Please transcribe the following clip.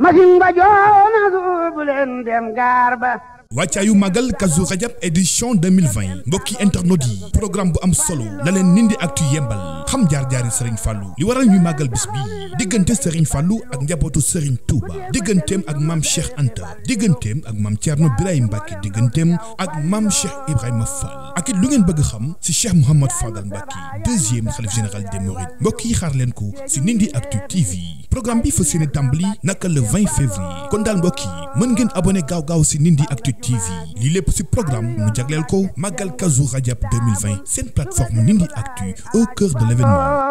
masin ba joona suubu leen dem gaar ba wàccaayu màggal kazu rajab édition 2020 mbokki internautes yi programme bu am solo la leen ak aktu yembal xam jaar-jaari Serigne Fallou li waral ñu màggal bis bii diggante Serigne Fallou ak njabootu Serigne Touba digganteem ak maam Cheikh Anta digganteem ak maam yi xaar leen ko si Ndindy Actu TV. programme bi fa seeni tàmbali naka le 20 février kon daal mbokk yi mën ngeen abonné gaaw gaaw si Ndindy Actu TV lii lépp si programme mu jagleel ko màggal Kazu Rajab seen plateforme Ndindy Actu au cœur de Lima.